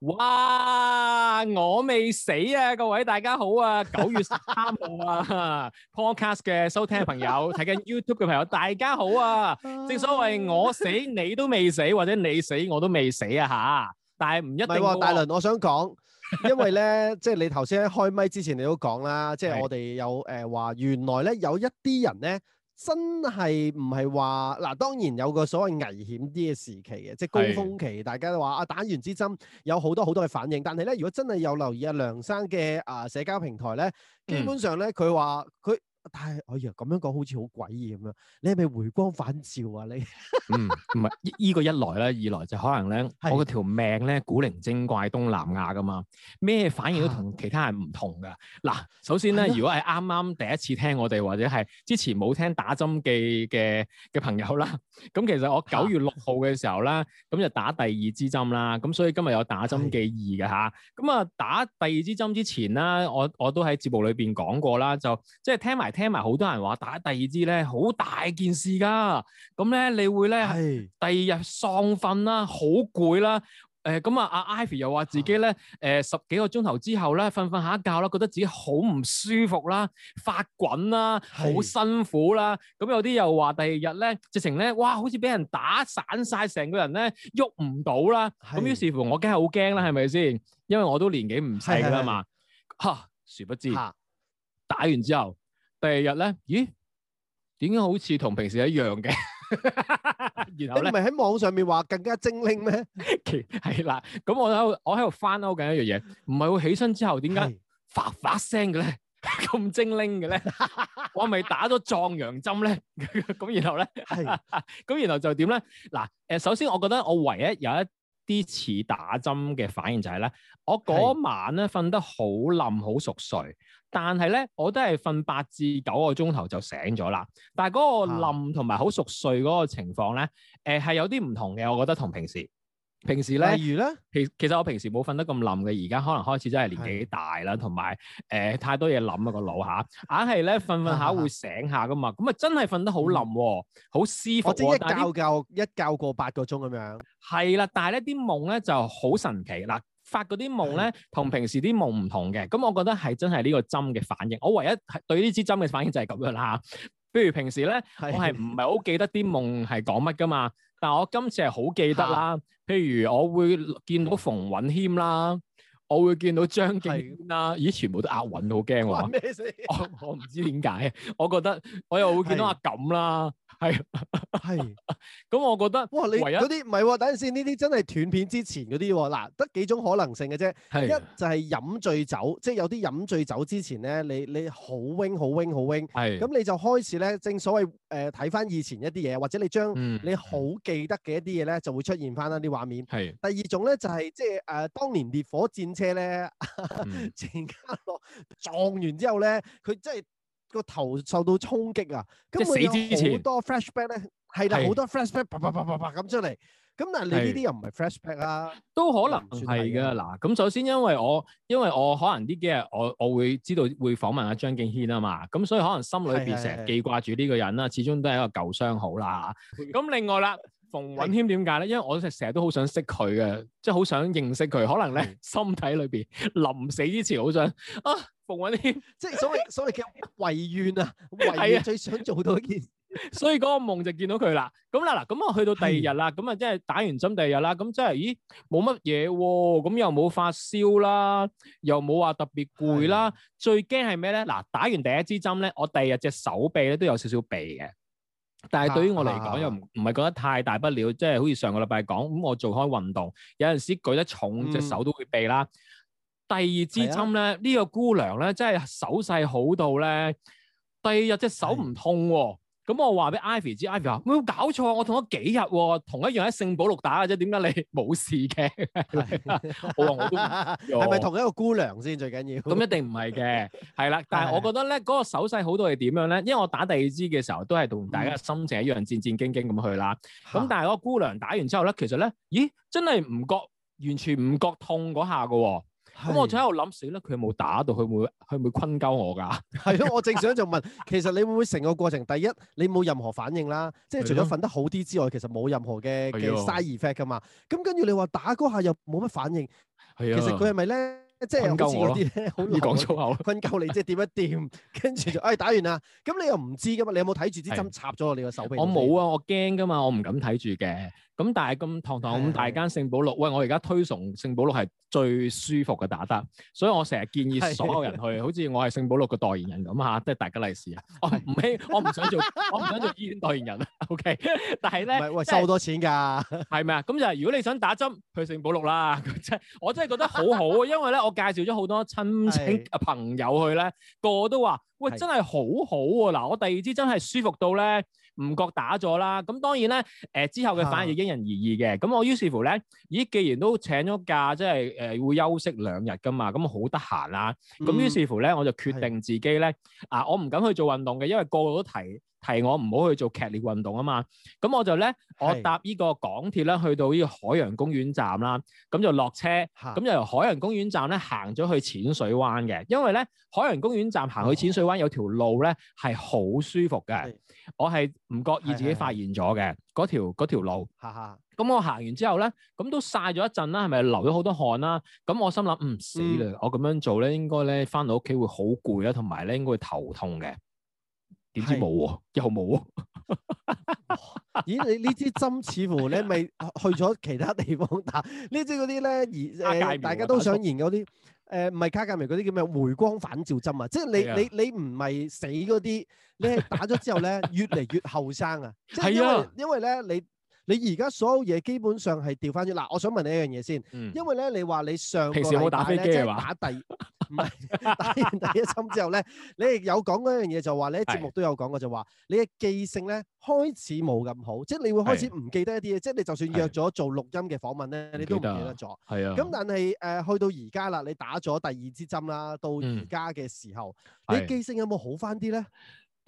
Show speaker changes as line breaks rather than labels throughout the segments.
哇！我未死啊，各位大家好啊，九月十三號啊 ，Podcast 嘅收聽嘅朋友，睇緊 YouTube 嘅朋友，大家好啊！ 正所謂我死你都未死，或者你死我都未死啊吓、啊！但係唔一定、啊。唔係喎，大倫，
我想講，因為呢， 即係你頭先開麥之前，你都講啦，即係我哋有誒話、呃，原來呢有一啲人呢。真係唔係話嗱，當然有個所謂危險啲嘅時期嘅，即係高峰期，大家都話啊，打完支針有好多好多嘅反應。但係咧，如果真係有留意阿梁生嘅啊社交平台咧，基本上咧佢話佢。嗯但係我而家咁樣講，好似好詭異咁樣。你係咪回光返照啊？你
嗯，唔係依個一來咧，二來就可能咧，是我個條命咧古靈精怪，東南亞㗎嘛，咩反應都同其他人唔同㗎。嗱、啊，首先咧，的如果係啱啱第一次聽我哋，或者係之前冇聽打針記嘅嘅朋友啦，咁其實我九月六號嘅時候啦，咁、啊、就打第二支針啦，咁所以今日有打針記二㗎吓。咁是啊，啊，打第二支針之前啦，我我都喺節目裏邊講過啦，就即係聽埋。聽埋好多人話打第二支咧，好大件事噶咁、嗯、咧你會咧，的第二日喪瞓啦，好攰啦，誒、呃、咁啊，阿 Ivy 又話自己咧，誒、啊呃、十幾個鐘頭之後咧，瞓瞓下一覺啦，覺得自己好唔舒服啦，發滾啦，好的辛苦啦，咁、嗯、有啲又話第二日咧，直情咧，哇，好似俾人打散晒，成個人咧喐唔到啦，咁於是，的是乎我，我驚係好驚啦，係咪先？因為我都年紀唔細噶嘛，哈的，殊、 啊、不知打完之後。第二日咧，咦？點解好似同平時一樣嘅？ 然後呢你咪
喺網上面話更加精靈咩？
其係啦。咁我喺我喺度翻嗰個緊一樣嘢，唔係會起身之後點解發發聲嘅咧？咁 精靈嘅咧？ 我係咪打咗壯陽針咧？咁 然後咧呢，係 咁然後就點咧？嗱，誒，首先我覺得我唯一有一啲似打針嘅反應就係、是、咧，我嗰晚咧瞓得好冧，好熟睡。但係咧，我都係瞓八至九個鐘頭就醒咗啦。但係嗰個冧同埋好熟睡嗰個情況咧，誒係的、呃、有啲唔同嘅。我覺得同平時平時咧，例如咧，其其實我平時冇瞓得咁冧嘅。而家可能開始真係年紀大啦，同埋誒太多嘢諗啊個腦嚇，硬係咧瞓瞓下會醒下噶嘛。咁的啊真係瞓得好冧，好、嗯、舒服啊！一覺覺一
覺
過八個鐘咁樣，係啦，但係咧啲夢咧就好神奇啦。發嗰啲夢咧，同平時啲夢唔同嘅，咁我覺得係真係呢個針嘅反應。我唯一係對呢支針嘅反應就係咁樣啦。比如平時咧，的我係唔係好記得啲夢係講乜㗎嘛？但係我今次係好記得啦。哈譬如我會見到馮允謙啦，我會見到張敬軒啦，的咦，全部都押韻，好驚喎！我我唔知點解， 我覺得我又會見到阿錦啦。係係，咁是 我覺得哇，你嗰啲唔係，等陣先，呢啲真係斷
片之前嗰啲，哦，嗱，得幾種可能性嘅啫。係是一就係飲醉酒，即係有啲飲醉酒之前咧，你你好 wing 好 wing 好 wing，係咁你就開始咧，正所謂誒，睇翻以前一啲嘢，或者你將你好記得嘅一啲嘢咧，就會出現翻一啲畫面。係是第二種咧就係、是、即係誒、呃、當年烈火戰車咧，陳嘉洛撞完之後咧，佢真係。個頭受到衝擊啊！咁死之前好多 flashback 咧，係啦，好的多 flashback 啪啪啪啪啪咁出嚟。咁但，你呢啲又唔係 flashback
啊？都可能係噶嗱。咁、啊、首先，因為我因為我可能呢幾日我我會知道會訪問阿張敬軒啊嘛。咁所以可能心裏邊成日記掛住呢個人啦，的始終都係一個舊傷好啦咁 另外啦。馮允謙點解咧？因為我成成日都好想識佢嘅，即係好想認識佢。可能咧，嗯、心體裏邊臨死之前好想啊，馮允謙，即係所謂所謂嘅遺願啊，係啊，最想做到一件。所以嗰個夢就見到佢啦。咁啦，嗱，咁啊去到第二日啦，咁啊是的 即係打完針第二日啦，咁即係咦，冇乜嘢喎，咁又冇發燒啦，又冇話特別攰啦。是的 最驚係咩咧？嗱，打完第一支針咧，我第二日隻手臂咧都有少少痹嘅。但係對於我嚟講、啊、又唔唔係覺得太大不了，即係、啊、好似上個禮拜講，咁、嗯、我做開運動，有陣時舉得重隻手都會痹啦。嗯、第二支針咧，呢、嗯、個姑娘咧，真係手勢好到咧，第二日隻手唔痛、啊。嗯咁我話俾 Ivy 知，Ivy 話，冇搞錯，我同咗幾日、啊，同一樣喺聖保祿打嘅啫，點解你冇事嘅？好話我都係咪同一個姑娘先最緊要？咁一定唔係嘅，係啦。 但係我覺得咧，嗰、嗰個手勢好多係點樣咧？因為我打第二支嘅時候，都係同大家心情一樣、嗯、戰戰兢兢咁去啦。咁、嗯、但係嗰個姑娘打完之後咧，其實咧，咦，真係唔覺，完全唔覺痛嗰下嘅、哦。咁我喺度諗，死啦！佢有冇打到？佢會佢會困鳩我噶？係咯，我正想就問，其實你會唔會成個過程？第一，你冇任何
反應啦，即係除咗瞓得好啲之外，其實冇任何嘅嘅嘥熱 Fat 噶嘛。咁跟住你話打嗰下又冇乜反應，的其實佢係咪咧？即係唔自己啲好易 的 你講粗口，困鳩你即係點一掂？跟住就誒、哎、打完啦。咁你又唔知噶嘛？你有冇睇住啲針插咗我你
個手臂？我冇啊，我驚噶嘛，我唔敢睇住嘅。咁但係咁堂堂咁的大間聖保祿，喂！我而家推崇聖保祿係最舒服嘅打針，所以我成日建議所有人去，的好似我係聖保祿個代言人咁吓，即係的大吉利是啊的。我唔希，
我唔想做， 我唔
想做醫院代言人啊。O、okay? K，但係咧，喂收多錢㗎，係咪啊？咁就係、是、如果你想打針，去聖保祿啦。真，我真係覺得好好， 因為咧我介紹咗好多親戚朋友去咧，個個都話，喂真係好好喎。嗱，我第二支真係舒服到咧。唔覺打咗啦，咁當然咧，誒、呃、之後嘅反應亦因人而異嘅。咁、啊、我於是乎咧，咦，既然都請咗假，即係誒、呃、會休息兩日噶嘛，咁好得閒啦。咁、嗯、於是乎咧，我就決定自己咧，是的 啊，我唔敢去做運動嘅，因為個個都睇。係我唔好去做劇烈運動啊嘛，咁我就咧，我搭呢個港鐵咧去到呢個海洋公園站啦，咁就落車，咁的由海洋公園站咧行咗去淺水灣嘅，因為咧海洋公園站行去淺水灣有條路咧係好舒服嘅，的我係唔覺意自己發現咗嘅嗰條嗰條路。哈哈的，咁我行完之後咧，咁都曬咗一陣啦，係咪流咗好多汗啦、啊？咁我心諗，唔知啦！我咁樣做咧，應該咧返到屋企會好攰呀，同埋咧應該會頭痛嘅。呢支冇喎，又冇喎、哦。 咦？你呢支針似乎你係咪去咗其他地方打？
呢支嗰啲咧，而誒、呃、大家都想研究啲誒，唔係卡介苗嗰啲叫咩？回光返照針啊！即係你是、啊、你你唔係死嗰啲，你係打咗之後咧 越嚟越後生啊！係啊，因為咧是、啊、你。你而家所有嘢基本上係調翻轉嗱，我想問你一樣嘢先，因為咧你話你上個禮拜咧打第唔係打完第一針之後咧，你亦有講一樣嘢就話你喺節目都有講過就話你嘅記性咧開始冇咁好，即係你會開始唔記得一啲嘢，即係你就算約咗做錄音嘅訪問咧，你都唔記得咗。係啊，咁但係誒去到而家啦，你打咗第二支針啦，到而家嘅時候，你記性有冇好翻啲咧？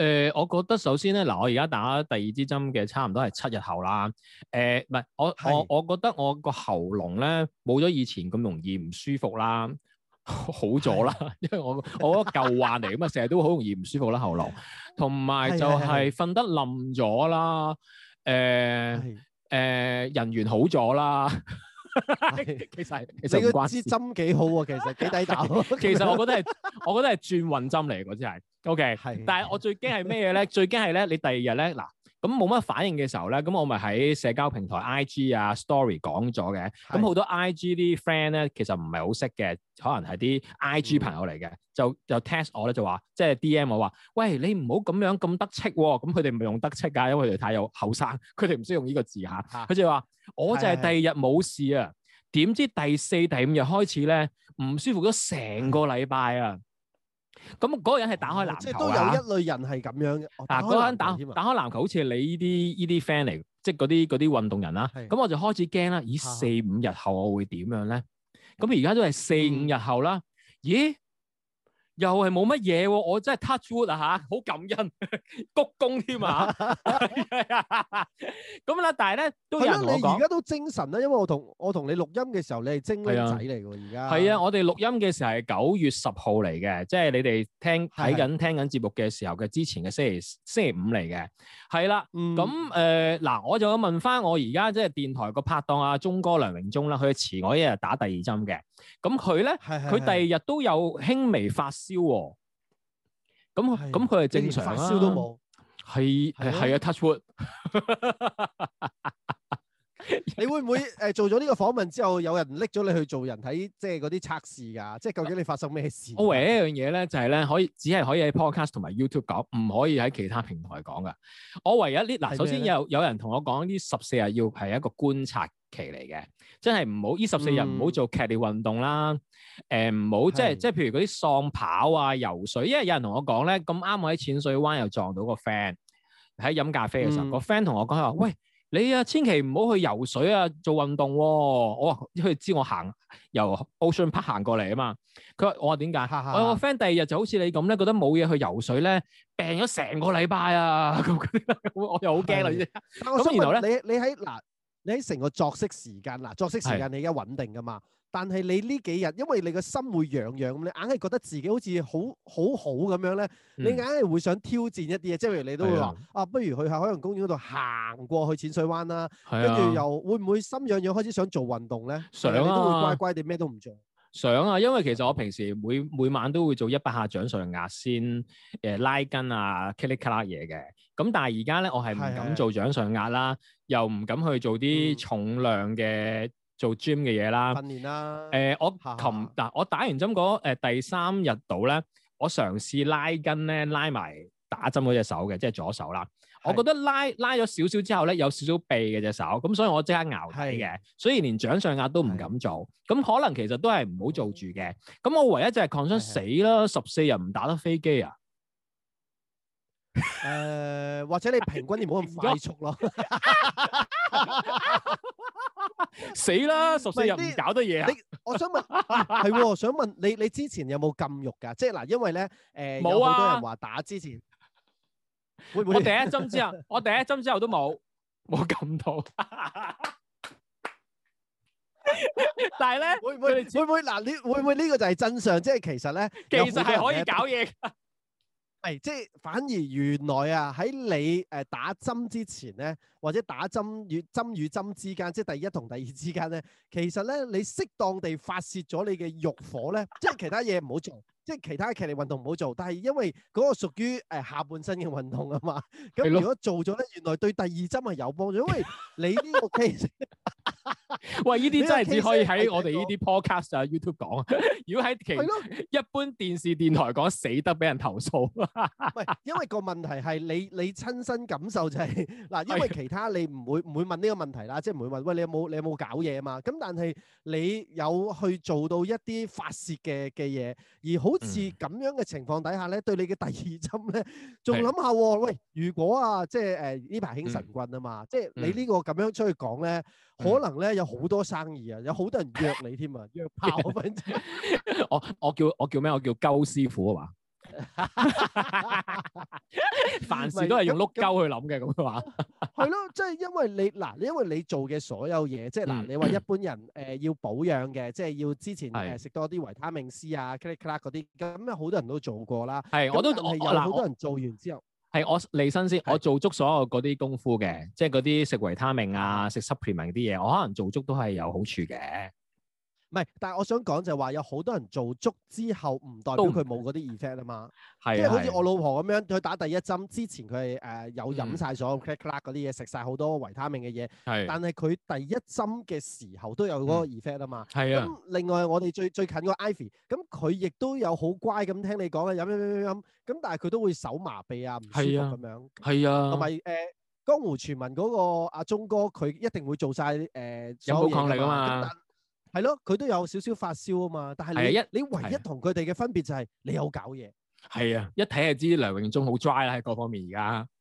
誒，我覺得首先咧，嗱，我而家打第二支針嘅差唔多係七日後啦。誒，唔係，我我我覺得我個喉嚨咧冇咗以前咁容易唔舒服啦，好咗啦，因為我我嗰舊患嚟，咁啊成日都好容易唔舒服啦喉嚨，同埋就係瞓得冧咗啦，誒誒人緣好咗啦，其實其實嗰支針
幾好喎，其實幾抵打，其實我覺得係。
我覺得係轉運針嚟，嗰支係 O K 係，但係我最驚係咩嘢咧？ 最驚係咧，你第二日咧嗱咁冇乜反應嘅時候咧，咁我咪喺社交平台 I G 啊 Story 講咗嘅。咁好的多 I G 啲 friend 咧，其實唔係好識嘅，可能係啲 I G 朋友嚟嘅、嗯，就呢就 test 我咧就話即係 D M 我話喂，你唔好咁樣咁得戚喎、哦。咁佢哋唔用得戚㗎、啊，因為佢哋太有後生，佢哋唔需要用呢個字嚇。佢、啊、就話我就係第二日冇事啊，點的知第四、第五日開始咧唔舒服咗成個禮拜啊！嗯咁嗰個人係打開籃球、哦、即係都有一
類人係咁樣
嘅。嗱、哦，嗰個人打打開籃球，籃球好似係你呢啲呢啲 friend 嚟，即係嗰啲嗰啲運動人啦、啊。咁是我就開始驚啦。以四五日後，我會點樣咧？咁而家都係四五日後啦。咦？又係冇乜嘢喎，我真係 touch wood 啊嚇，好感恩鞠躬添啊，咁啦，但係咧
都人老。係咯，你而家都精神啦，因為我同我同你錄音嘅時候，你係精女仔嚟喎，而家係
啊，我哋錄音嘅時候係九月十號嚟嘅，即係你哋聽睇緊聽緊節目嘅時候嘅之前嘅星期星期五嚟嘅，係啦，咁誒嗱，我就問翻我而家即係電台個拍檔啊，鐘哥梁榮忠啦，佢遲我一日打第二針嘅，咁佢咧佢第二日都有輕微發燒喎，咁咁佢係正常啦，發燒都冇，係係啊 touchwood。
你會唔會誒、呃、做咗呢個訪問之後，有人拎咗你去做人體即係嗰啲測試噶？即係究竟你發生咩事，我一一事，就是？我唯一
一樣嘢咧，就係咧可以只係可以喺 Podcast 同埋 YouTube 講，唔可以喺其他平台講噶。我唯一呢嗱，首先有有人同我講呢，十四日要係一個觀察期嚟嘅，真係唔好呢，十四日唔好做劇烈運動啦。誒唔好即係即係，譬如嗰啲喪跑啊、游水，因為有人同我講咧，咁啱我喺淺水灣又撞到個 friend 喺飲咖啡嘅時候，個 friend 同我講佢話喂。你啊，千祈唔好去游水啊，做運動喎、啊。我話佢知我行由 Ocean Park 行過嚟啊嘛。佢話我話點解？我， 我有個 friend 第二日就好似你咁咧，覺得冇嘢去游水咧，病咗成個禮拜啊。咁 我又好驚啦依家。咁然後咧，你你喺嗱，你喺成個作息時間嗱，作息時間你而
家穩定噶嘛？但係你呢幾日，因為你個心會癢癢咁，你硬係覺得自己好似好好好咁樣咧，嗯、你硬係會想挑戰一啲嘢，即係譬如你都會話是啊，啊，不如去下海洋公園嗰度行過去淺水灣啦，跟住是、啊、又會唔會心癢癢開始想做運動咧？
想、啊、都會乖
乖哋，咩都唔做。
想啊，因為其實我平時每每晚都會做一百下掌上壓先，誒拉筋啊 click click 嘢嘅。咁但係而家咧，我係唔敢做掌上壓啦，是啊、又唔敢去做啲重量嘅。嗯做 gym 嘅嘢啦，
訓練啦。誒，
我琴嗱，我打完針嗰誒第三日到咧，我嘗試拉筋咧，拉埋打針嗰隻手嘅，即係左手啦。我覺得拉拉咗少少之後咧，有少少痹嘅隻手，咁所以我即刻熬低嘅，所以連掌上壓都唔敢做。咁可能其實都係唔好做住嘅。咁我唯一就係抗衰死啦，十四日唔打得飛機啊。誒，或者你平均你唔好咁
快速咯。死啦！十四日又唔搞得嘢。你，我想問，係喎，想問你，你之前有冇禁欲噶？即係嗱，因為咧，誒，冇啊，好多人話打之前，會唔會？我第一針之後，
我第一針之後都冇，冇禁到。
但係咧，會唔會？會唔會？嗱，你會唔會？呢個就係真相，即係其實咧，其實係可以搞嘢。係、哎，即係反而原來啊，喺你誒、呃、打針之前咧，或者打針與針與針之間，即係第一同第二之間咧，其實咧，你適當地發泄咗你嘅慾火咧，即係其他嘢唔好做。即係其他劇烈運動唔好做，但係因為嗰個屬於誒、呃、下半身嘅運動啊嘛，咁如果做咗咧，原來對第二針係有幫助，因為你呢個 case
喂，呢啲真係只可以喺我哋呢啲 podcast 啊 YouTube 講， 如果喺其的一般電視電台講，死得俾人投訴，喂
因為個問題係你你親身感受就係、是、嗱，因為其他你唔會唔會問呢個問題啦，即係唔會問喂你有冇你有冇搞嘢啊嘛，咁但係你有去做到一啲發洩嘅嘅嘢而好。好似咁樣嘅情況底下咧，對你嘅第二針咧，仲諗下喎？的喂，如果啊，即係誒呢排興神棍啊嘛，嗯、即係你呢個咁樣出去講咧，嗯、可能咧有好多生意啊，有好
多人約你添啊， 約炮咁樣。 我我叫我叫咩？我叫鳩師傅啊嘛。 凡事都係用碌鳩去諗嘅，咁嘅話，
係咯樣，即係、 就是、因為你嗱，因為你做嘅所有嘢，即係嗱，你話一般人誒、呃、要保養嘅，即係要之前誒食是、呃、多啲維他命 C 啊，click c 嗰啲，咁好多人都
做過啦，係我都係嗱，好多
人做完之後，
係我嚟新先，是我做足所有嗰啲功夫嘅，即係嗰啲食維他命啊，食 supplement 啲嘢，我可能做足都係有好處嘅。
唔係，但係我想講就係話有好多人做足之後，唔代表佢冇嗰啲 effect 啊嘛。係，即係好似我老婆咁樣，佢打第一針之前佢係誒有飲晒所有 clack 嗰啲嘢，食晒好多維他命嘅嘢。係、啊，但係佢第一針嘅時候都有嗰個 effect 啊嘛。係、嗯、啊，咁、嗯、另外我哋最最近個 Ivy，咁、嗯、佢亦都有好乖咁聽你講嘅。飲咁，但係佢都會手麻痹啊，唔舒服咁樣。係啊，同埋誒江湖傳聞嗰個阿鐘哥，佢一定會做晒誒。呃、有抵抗力啊嘛。係咯，佢都有少少發燒啊嘛，但係你一你唯一同佢哋嘅分別就係你好搞嘢。
係啊，一睇就知梁榮忠好 dry 啦，喺各方面而家。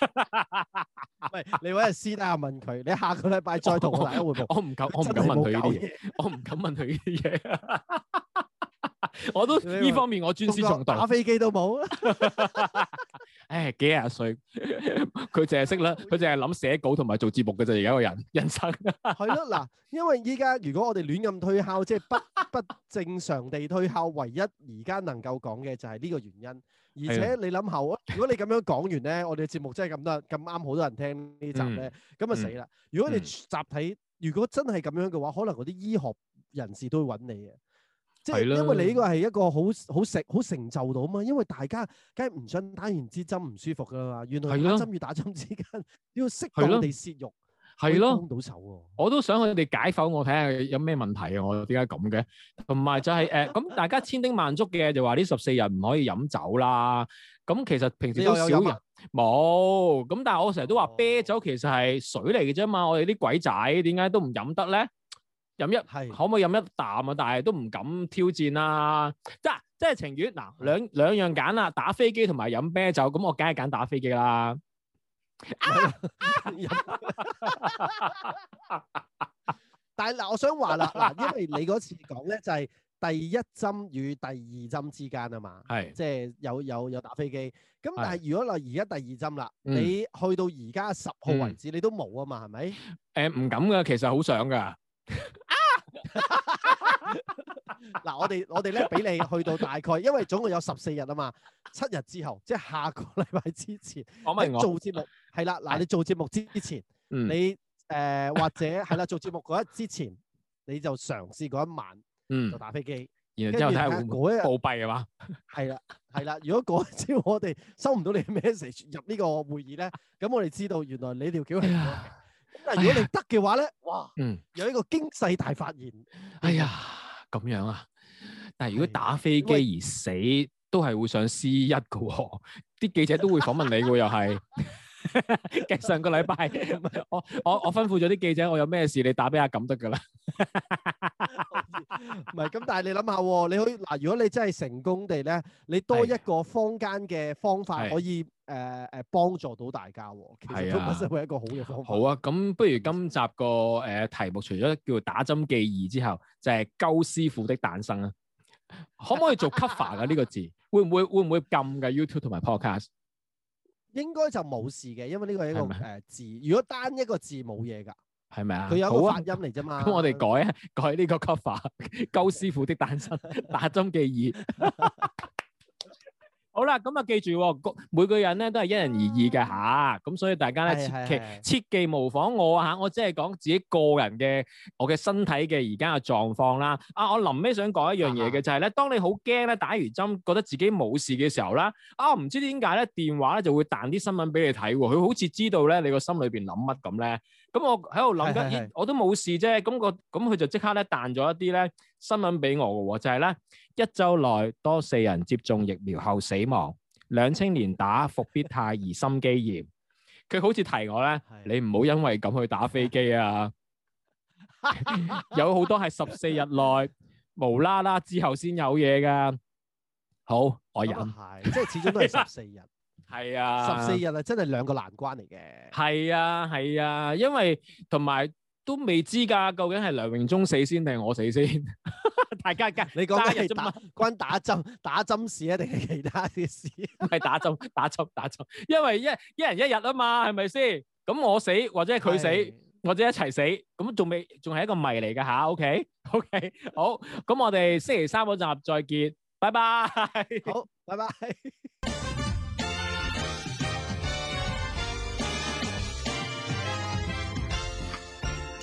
喂，你揾阿師弟問佢，你下個禮拜再同我，我大家匯報。我唔敢，我唔敢
問佢呢啲嘢。我唔敢問佢呢啲嘢。 我都呢說方面我專司重大。打飛機都冇。 係，幾廿歲，佢淨係識咧，佢淨係諗寫稿同埋做節目嘅啫，而家個人人生。係
咯，嗱，因為依家如果我哋亂咁退休，即係不不正常地退休，唯一而家能夠講嘅就係呢個原因。而且你諗下，如果你咁樣講完咧，我哋節目真係咁多咁啱好多人聽呢集咧，咁啊死啦！如果你集體，如果真係咁樣嘅話，可能嗰啲醫學人士都會揾你嘅。即係啦，因為你呢個係一個好好成好成就到啊嘛，因為大家梗係唔想打完支針唔舒服噶啦嘛，原來打針與打針之間要適當地泄慾，
係咯，幫到手喎。我都想佢哋解剖我睇下有咩問題啊！我點解咁嘅？同埋就係誒，咁大家千叮萬囑嘅就話呢十四日唔可以飲酒啦。咁其實平時都有飲啊，冇。咁但係我成日都話啤酒其實係水嚟嘅啫嘛，我哋啲鬼仔點解都唔飲得咧？飲一，是可唔可以飲一啖啊？但係都唔敢挑戰啦，啊啊。即係即係情願嗱，兩兩樣揀啦，打飛機同埋飲啤酒。咁我梗係揀打飛機啦。
但係嗱、呃，我想話啦，嗱，因為你嗰次講咧，就係第一針與第二針之間啊嘛。係是，即係有有有打飛機。咁但係如果嗱而家第二針啦，是你去到而家十號為止，嗯、你都冇啊嘛？係咪？
誒唔、呃、敢噶，其實好想噶。
嗱， 我哋我哋咧俾你去到大概，因為總共有十四日啊嘛，七日之後，即係下個禮拜之前，我明我做節目係、啊、啦。嗱，啊、你做節目之前，嗯、你誒、呃、或者係啦，做節目嗰一之前，你就嘗試過一晚，嗯，就打飛機，嗯、然後之後睇下嗰日暴斃，係嘛，係啦係啦。如果嗰朝我哋收唔到你 message 入呢個會議咧，咁我哋知道原來你條橋係。但係如果你得嘅話咧，哇，嗯，有一個經濟大發現。哎呀，
咁樣啊！但係如果打飛機而死，都係會上 C 一噶。啲記者都會訪問你噶，又係。上個禮拜，我我我吩咐咗啲記者，我有咩事你打俾阿錦得噶啦。
唔係，咁 但係你諗下，你可以嗱，如果你真係成功地咧，你多一個坊間嘅方法可以誒誒幫助到大家，其實都不失為一個好嘅方法。 好啊，
咁不如今集個誒、呃、題目除咗叫做打針記二之後，就係、是、鳩師傅的誕生啊。可唔可以做 cover 嘅呢 個字？會唔會會唔會禁嘅 YouTube 同埋 Podcast？
應該就冇事嘅，因為呢個係一個誒嗎、呃、字。如果單一個字冇嘢噶。
係咪啊？佢有個發音嚟啫嘛。咁我哋改啊，嗯、改呢個 cover，鳩 師傅的誕生， 打針記二。 好啦，咁啊，記住，每個人咧都係因人而異嘅吓。咁、啊啊啊、所以大家咧是切忌切忌模仿我吓、啊，我只係講自己個人嘅我嘅身體嘅而家嘅狀況啦。啊，我臨尾想講一樣嘢嘅就係咧，當你好驚咧打完針覺得自己冇事嘅時候啦，啊，唔、啊、知點解咧電話咧就會彈啲新聞俾你睇，佢、啊、好似知道咧你個心裏邊諗乜咁咧。咁我喺度諗緊，我都冇事啫。咁個咁佢就即刻咧彈咗一啲咧新聞俾我嘅喎，就係咧一週內多四人接種疫苗後死亡，兩青年打復必泰而心肌炎。佢好似提我咧，你唔好因為咁去打飛機啊！有好多係十四日內無啦啦之後先有嘢噶。好，我忍，即係始終都係十四日。係啊，十四日
啊，真係兩個難關嚟
嘅。係啊係啊，因為同埋都未知噶，究竟係梁榮忠死先定係我死先？
大家家你講咩嘢啫？關打針打針
事啊，定係其他啲事？係打針打針打針，因為一一人一日啊嘛，係咪先？咁我死或者係佢死，或者一齊死，咁仲未仲係一個謎嚟噶吓？OK OK，好，咁我哋星期三嗰集再見，拜拜。好，拜拜。